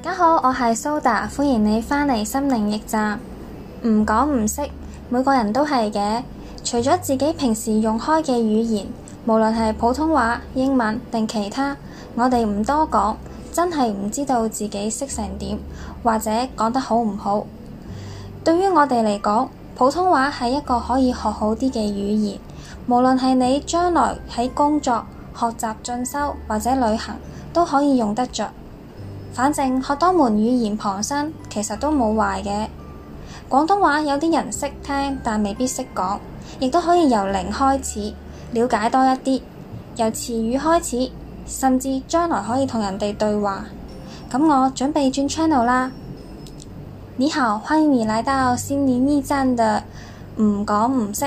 大家好，我係蘇達，歡迎你返嚟心靈驛站。唔講唔識，每個人都係嘅。除咗自己平時用開嘅語言，無論係普通話、英文定其他，我哋唔多講，真係唔知道自己識成點或者講得好唔好。對於我哋嚟講，普通話係一個可以學好啲嘅語言，無論係你將來喺工作、學習、進修或者旅行，都可以用得着。反正學多門語言傍身，其實都冇壞嘅。廣東話有啲人識聽，但未必識講，亦都可以由零開始了解多一啲，由詞語開始，甚至將來可以同人哋對話。咁我準備轉 channel 啦。你好，歡迎你來到心理驛站的唔講唔識。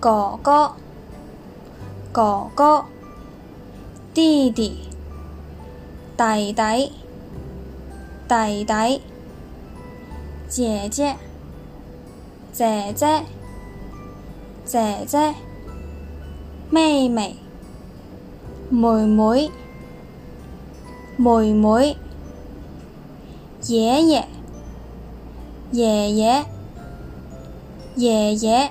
哥哥，哥哥，弟弟，弟弟，弟弟，姐姐，姐姐，姐姐，妹妹，妹妹，妹妹，爺爺，爺爺，爺爺。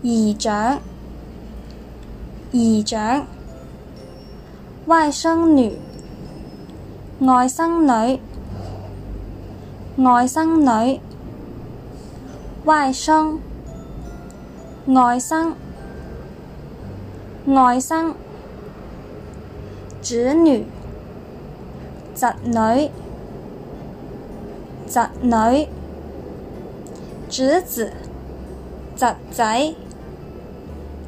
姨丈、姨丈、外甥女，外甥女，外甥女，外甥，外甥，外甥，侄女，侄女，侄女，侄子，侄仔。